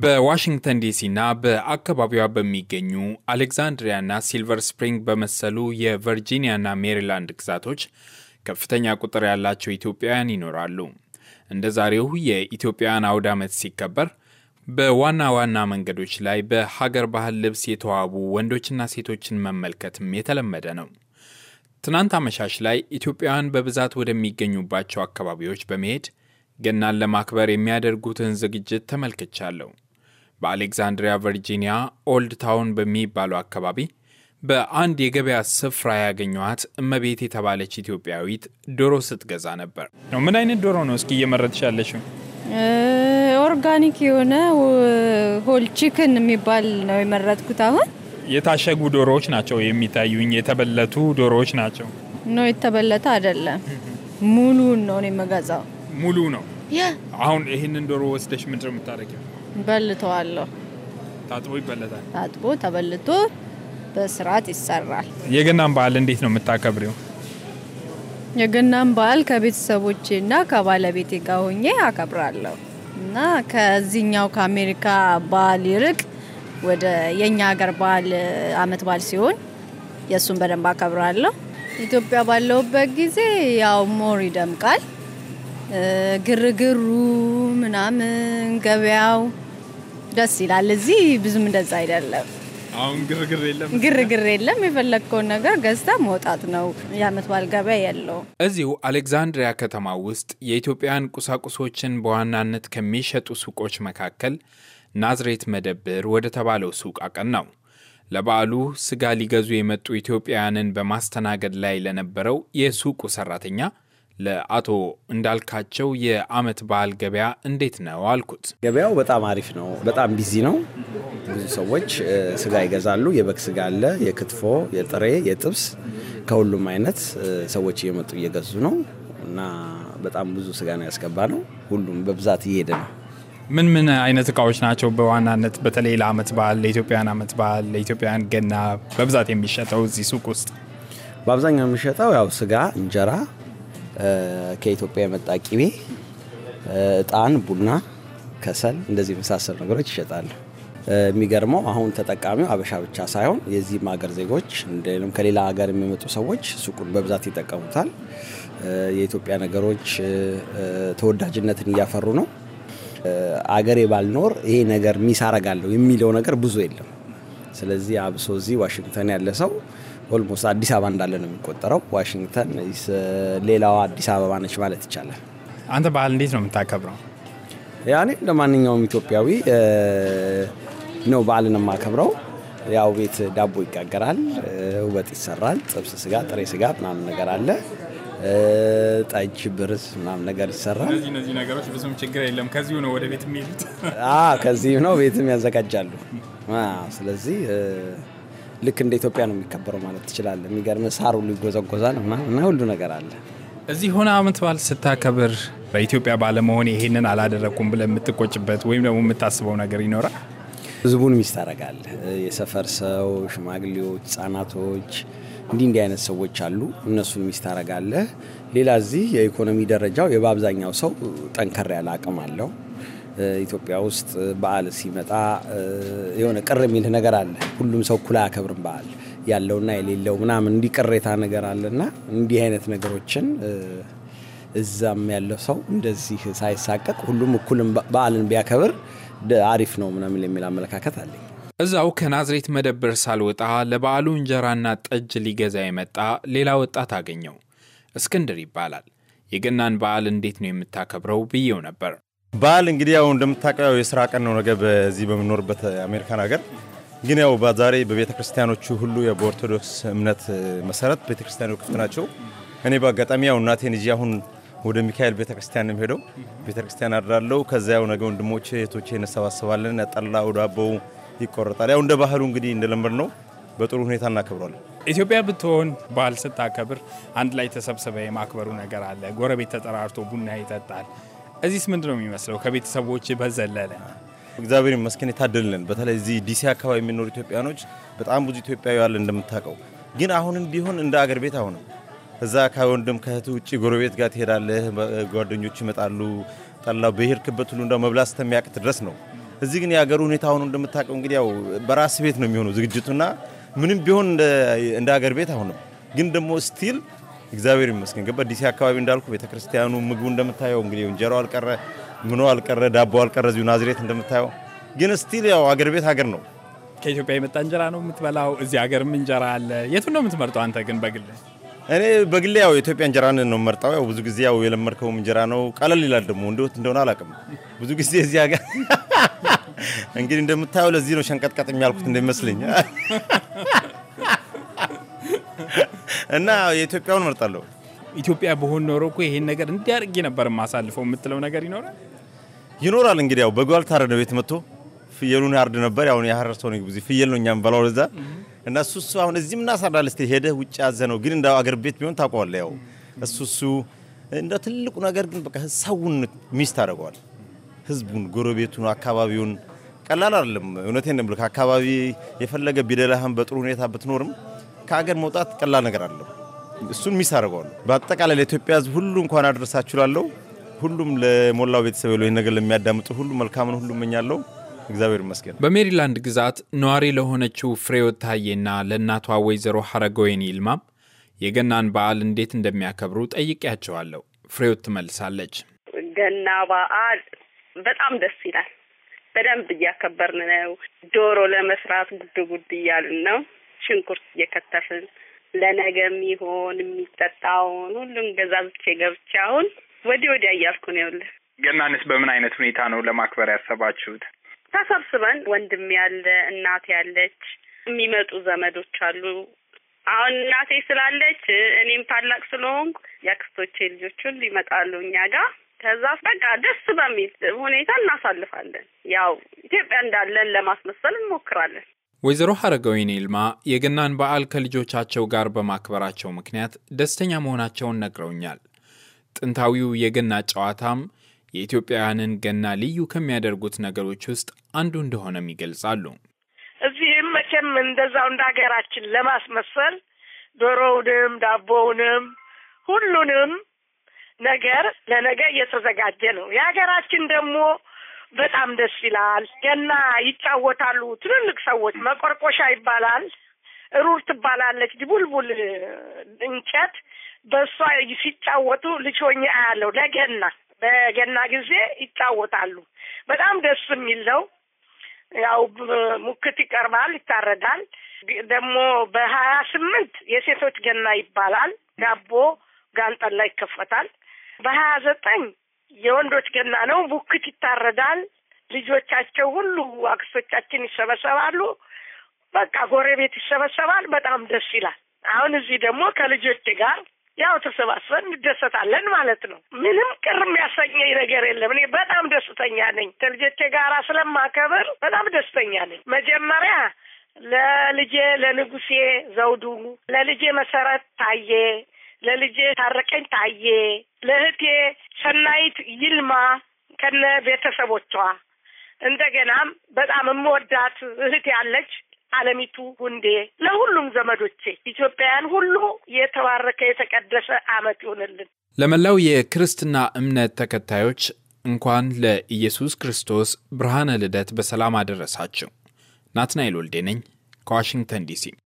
በዋሽንግተን ዲሲና በአካባቢዋ በሚገኙ አሌክዛንድሪያና ሲልቨር ስፕሪንግ በመሰሉ የቨርጂኒያና ሜሪላንድ ግዛቶች ከፍተኛ ቁጥር ያላቸው ኢትዮጵያውያን ይኖራሉ። እንደ ዛሬው የኢትዮጵያውያን አውድ ዓመት ሲከበር በዋና ዋና መንገዶች ላይ በሀገር ባህል ልብስ የተዋቡ ወንዶችና ሴቶችን መመልከትም የተለመደ ነው። ትናንት አመሻሽ ላይ ኢትዮጵያውያን በብዛት ወደሚገኙባቸው አካባቢዎች በመሄድ ገናን ለማክበር የሚያደርጉትን ዝግጅት ተመልክቻለሁ። በአሌክዛንድሪያ ቨርጂኒያ ኦልድ ታውን በሚባለው አካባቢ በአንድ የገበያ ስፍራ ያገኘኋት እመቤት የተባለች ኢትዮጵያዊት ዶሮ ስትገዛ ነበር። ምን አይነት ዶሮ ነው እስኪ እየመረጥሽ ኦርጋኒክ የሆነ ሆል ቺክን የሚባል ነው የመረጥኩት። አሁን የታሸጉ ዶሮዎች ናቸው የሚታዩኝ፣ የተበለቱ ዶሮዎች ናቸው። ኖ የተበለተ አይደለም፣ ሙሉን ነው የምገዛው። ሙሉ ነው። አሁን ይህንን ዶሮ ወስደሽ ምንድን ነው የምታደርጊው? በልተዋለሁ። ታጥቦ ይበለታል። ታጥቦ ተበልቶ በስርዓት ይሰራል። የገናን በዓል እንዴት ነው የምታከብሪው? የገናን በዓል እና ከባለቤቴ ጋር ሆኜ አከብራለሁ እና ከዚህኛው ከአሜሪካ በዓል ይርቅ ወደ የእኛ ሀገር በዓል አመት በዓል ሲሆን የእሱን በደንብ አከብራለሁ። ኢትዮጵያ ባለሁበት ጊዜ ያው ሞር ይደምቃል። ግርግሩ ምናምን ገበያው ደስ ይላል። እዚህ ብዙም እንደዛ አይደለም። አሁን ግርግር የለም፣ ግርግር የለም። የፈለግከውን ነገር ገዝታ መውጣት ነው። የአመት በዓል ገበያ የለው። እዚሁ አሌክዛንድሪያ ከተማ ውስጥ የኢትዮጵያን ቁሳቁሶችን በዋናነት ከሚሸጡ ሱቆች መካከል ናዝሬት መደብር ወደ ተባለው ሱቅ ነው። ለበዓሉ ስጋ ሊገዙ የመጡ ኢትዮጵያውያንን በማስተናገድ ላይ ለነበረው የሱቁ ሰራተኛ ለአቶ እንዳልካቸው የአመት በዓል ገበያ እንዴት ነው አልኩት። ገበያው በጣም አሪፍ ነው፣ በጣም ቢዚ ነው። ብዙ ሰዎች ስጋ ይገዛሉ። የበግ ስጋ አለ፣ የክትፎ፣ የጥሬ፣ የጥብስ ከሁሉም አይነት ሰዎች እየመጡ እየገዙ ነው እና በጣም ብዙ ስጋ ነው ያስገባ ነው። ሁሉም በብዛት እየሄደ ነው። ምን ምን አይነት እቃዎች ናቸው በዋናነት በተለይ ለአመት በዓል ለኢትዮጵያን አመት በዓል ለኢትዮጵያን ገና በብዛት የሚሸጠው እዚህ ሱቅ ውስጥ? በአብዛኛው የሚሸጠው ያው ስጋ፣ እንጀራ ከኢትዮጵያ የመጣ ቂቤ፣ እጣን፣ ቡና፣ ከሰል እንደዚህ የመሳሰሉ ነገሮች ይሸጣሉ። የሚገርመው አሁን ተጠቃሚው አበሻ ብቻ ሳይሆን የዚህም ሀገር ዜጎች እንደም ከሌላ ሀገር የሚመጡ ሰዎች ሱቁን በብዛት ይጠቀሙታል። የኢትዮጵያ ነገሮች ተወዳጅነትን እያፈሩ ነው። አገሬ ባልኖር ይሄ ነገር ሚስ አረጋለሁ የሚለው ነገር ብዙ የለም። ስለዚህ አብሶ እዚህ ዋሽንግተን ያለ ሰው ኦልሞስት አዲስ አበባ እንዳለ ነው የሚቆጠረው። ዋሽንግተን ሌላዋ አዲስ አበባ ነች ማለት ይቻላል። አንተ በዓል እንዴት ነው የምታከብረው? ያኔ እንደ ማንኛውም ኢትዮጵያዊ ነው በዓልን የማከብረው። ያው ቤት ዳቦ ይጋገራል፣ ውበት ይሰራል፣ ጥብስ ስጋ፣ ጥሬ ስጋ ምናምን ነገር አለ ጠጅ ብርስ ምናምን ነገር ይሰራል። እነዚህ ነገሮች ብዙም ችግር የለም። ከዚሁ ነው ወደ ቤት የሚሄዱት። ከዚህ ነው ቤትም ያዘጋጃሉ። ስለዚህ ልክ እንደ ኢትዮጵያ ነው የሚከበረው ማለት ትችላለ። የሚገርም ሳር ሁሉ ይጎዘጎዛል እና ሁሉ ነገር አለ። እዚህ ሆነ ዓመት በዓል ስታከብር በኢትዮጵያ ባለመሆን ይሄንን አላደረግኩም ብለ የምትቆጭበት ወይም ደግሞ የምታስበው ነገር ይኖራል? ህዝቡን ሚስ ታደርጋለህ። የሰፈር ሰው፣ ሽማግሌዎች፣ ህጻናቶች እንዲህ እንዲህ አይነት ሰዎች አሉ። እነሱን ሚስ ታደርጋለህ። ሌላ እዚህ የኢኮኖሚ ደረጃው የበአብዛኛው ሰው ጠንከር ያለ አቅም አለው ኢትዮጵያ ውስጥ በዓል ሲመጣ የሆነ ቅር የሚል ነገር አለ። ሁሉም ሰው እኩል አያከብርም በዓል ያለውና የሌለው ምናምን እንዲህ ቅሬታ ነገር አለና እንዲህ አይነት ነገሮችን እዛም ያለው ሰው እንደዚህ ሳይሳቀቅ ሁሉም እኩልም በዓልን ቢያከብር አሪፍ ነው ምናምን የሚል አመለካከት አለኝ። እዛው ከናዝሬት መደብር ሳልወጣ ለበዓሉ እንጀራና ጠጅ ሊገዛ የመጣ ሌላ ወጣት አገኘው። እስክንድር ይባላል። የገናን በዓል እንዴት ነው የምታከብረው ብዬው ነበር። በዓል እንግዲህ ያው እንደምታውቀው የስራ ቀን ነው ነገ በዚህ በምኖርበት አሜሪካን ሀገር ግን ያው ዛሬ በቤተ ክርስቲያኖቹ ሁሉ በኦርቶዶክስ እምነት መሰረት ቤተ ክርስቲያኖች ክፍት ናቸው። እኔ በአጋጣሚ ያው እናቴን እጂ አሁን ወደ ሚካኤል ቤተ ክርስቲያን ሄደው ቤተ ክርስቲያን አድራለሁ። ከዛ ያው ነገ ወንድሞች እህቶቼ እንሰባሰባለን። ጠላው ዳቦው ይቆረጣል። ያው እንደ ባህሉ እንግዲህ እንደለመድ ነው በጥሩ ሁኔታ እናከብሯለን። ኢትዮጵያ ብትሆን በዓል ስታከብር አንድ ላይ ተሰብስበ የማክበሩ ነገር አለ። ጎረቤት ተጠራርቶ ቡና ይጠጣል። እዚህስ ምንድን ነው የሚመስለው? ከቤተሰቦች በዘለለ እግዚአብሔር ይመስገን የታደልልን። በተለይ እዚህ ዲሲ አካባቢ የሚኖሩ ኢትዮጵያኖች በጣም ብዙ ኢትዮጵያዊ አለ እንደምታውቀው። ግን አሁንም ቢሆን እንደ አገር ቤት አሁንም እዛ ከወንድም ከእህት ውጭ ጎረቤት ጋር ትሄዳለህ፣ ጓደኞች ይመጣሉ። ጠላው በሄድክበት ሁሉ እንደው መብላት እስከሚያቅት ድረስ ነው። እዚህ ግን የአገሩ ሁኔታ አሁኑ እንደምታውቀው እንግዲህ ያው በራስ ቤት ነው የሚሆነው ዝግጅቱና ምንም ቢሆን እንደ አገር ቤት አሁንም ግን ደግሞ ስቲል እግዚአብሔር ይመስገን ግን በዲሲ አካባቢ እንዳልኩ ቤተክርስቲያኑ ምግቡ እንደምታየው እንግዲህ እንጀራው አልቀረ ምኖ አልቀረ ዳቦ አልቀረ እዚሁ ናዝሬት እንደምታየው ግን ስቲል ያው አገር ቤት ሀገር ነው። ከኢትዮጵያ የመጣ እንጀራ ነው የምትበላው። እዚህ ሀገርም እንጀራ አለ። የቱን ነው የምትመርጠው አንተ ግን በግል? እኔ በግሌ ያው የኢትዮጵያ እንጀራን ነው መርጣው። ያው ብዙ ጊዜ ያው የለመድከውም እንጀራ ነው። ቀለል ይላል ደግሞ እንደት እንደሆነ አላውቅም። ብዙ ጊዜ እዚህ ሀገር እንግዲህ እንደምታየው ለዚህ ነው ሸንቀጥቀጥ የሚያልኩት እንደሚመስለኝ እና የኢትዮጵያውን መርጣለሁ። ኢትዮጵያ በሆን ኖሮ እኮ ይሄን ነገር እንዲያርጌ ነበር የማሳልፈው የምትለው ነገር ይኖራል ይኖራል። እንግዲህ ያው በጓል ታረደ ቤት መጥቶ ፍየሉን ያርድ ነበር። ያሁን ያረሰው ሰው ነው ብዙ ፍየል ነው እኛ የምንበላው ለዛ እና እሱ እሱ አሁን እዚህ እናሳርዳል እስቲ ሄደ ውጭ ያዘ ነው ግን እንደ አገር ቤት ቢሆን ታውቀዋለህ። ያው እሱ እሱ እንደ ትልቁ ነገር ግን በቃ ሰውን ሚስት አደርገዋል። ህዝቡን፣ ጎረቤቱን፣ አካባቢውን ቀላል አይደለም። እውነቴን ነው የምልህ አካባቢ የፈለገ ቢደላህን በጥሩ ሁኔታ ብትኖርም ከሀገር መውጣት ቀላል ነገር አለው። እሱን ሚስ ነው። በአጠቃላይ ለኢትዮጵያ ሕዝብ ሁሉ እንኳን አደረሳችሁ ሁሉም ለሞላው ቤተሰብ ይህን ነገር ለሚያዳምጡ ሁሉ መልካምን ሁሉ እመኛለሁ። እግዚአብሔር ይመስገን። በሜሪላንድ ግዛት ነዋሪ ለሆነችው ፍሬሕይወት ታዬና ለእናቷ ወይዘሮ ሐረገወይን ይልማም የገናን በዓል እንዴት እንደሚያከብሩ ጠይቄያቸዋለሁ። ፍሬሕይወት ትመልሳለች። ገና በዓል በጣም ደስ ይላል። በደንብ እያከበርን ነው። ዶሮ ለመስራት ጉድ ጉድ እያልን ነው። ሽንኩርት እየከተፍን ለነገም ይሆን የሚጠጣውን ሁሉም ገዛዝቼ ገብቼ አሁን ወዲህ ወዲያ እያልኩ ነው። ይኸውልህ ገናንስ በምን አይነት ሁኔታ ነው ለማክበር ያሰባችሁት? ተሰብስበን ወንድም ያለ እናት ያለች የሚመጡ ዘመዶች አሉ። አሁን እናቴ ስላለች እኔም ታላቅ ስለሆንኩ የአክስቶቼ ልጆች ሁሉ ይመጣሉ እኛ ጋር። ከዛ በቃ ደስ በሚል ሁኔታ እናሳልፋለን። ያው ኢትዮጵያ እንዳለን ለማስመሰል እንሞክራለን። ወይዘሮ ሀረገወይን ይልማ የገናን በዓል ከልጆቻቸው ጋር በማክበራቸው ምክንያት ደስተኛ መሆናቸውን ነግረውኛል። ጥንታዊው የገና ጨዋታም የኢትዮጵያውያንን ገና ልዩ ከሚያደርጉት ነገሮች ውስጥ አንዱ እንደሆነም ይገልጻሉ። እዚህም መቼም እንደዛው እንደ ሀገራችን ለማስመሰል ዶሮውንም፣ ዳቦውንም ሁሉንም ነገር ለነገ እየተዘጋጀ ነው። የሀገራችን ደግሞ በጣም ደስ ይላል። ገና ይጫወታሉ ትልልቅ ሰዎች። መቆርቆሻ ይባላል። ሩር ትባላለች። ድቡልቡል እንጨት በእሷ ሲጫወቱ ልጆኛ ሆኜ አያለሁ። ለገና በገና ጊዜ ይጫወታሉ። በጣም ደስ የሚል ነው። ያው ሙክት ይቀርባል፣ ይታረዳል። ደግሞ በሀያ ስምንት የሴቶች ገና ይባላል። ዳቦ ጋንጠላ ይከፈታል። በሀያ ዘጠኝ የወንዶች ገና ነው። ቡክት ይታረዳል። ልጆቻቸው ሁሉ አክስቶቻችን ይሰበሰባሉ። በቃ ጎረቤት ይሰበሰባል። በጣም ደስ ይላል። አሁን እዚህ ደግሞ ከልጆች ጋር ያው ተሰባስበን እንደሰታለን ማለት ነው። ምንም ቅር የሚያሰኘኝ ነገር የለም። እኔ በጣም ደስተኛ ነኝ። ከልጆቼ ጋር ስለማከብር በጣም ደስተኛ ነኝ። መጀመሪያ ለልጄ ለንጉሴ ዘውዱ፣ ለልጄ መሰረት ታዬ ለልጄ ታረቀኝ ታዬ፣ ለእህቴ ሰናይት ይልማ ከነ ቤተሰቦቿ እንደገናም በጣም የምወዳት እህት ያለች አለሚቱ ሁንዴ፣ ለሁሉም ዘመዶቼ ኢትዮጵያውያን ሁሉ የተባረከ የተቀደሰ ዓመት ይሁንልን። ለመላው የክርስትና እምነት ተከታዮች እንኳን ለኢየሱስ ክርስቶስ ብርሃነ ልደት በሰላም አደረሳችው ናትናኤል ወልዴ ነኝ ከዋሽንግተን ዲሲ።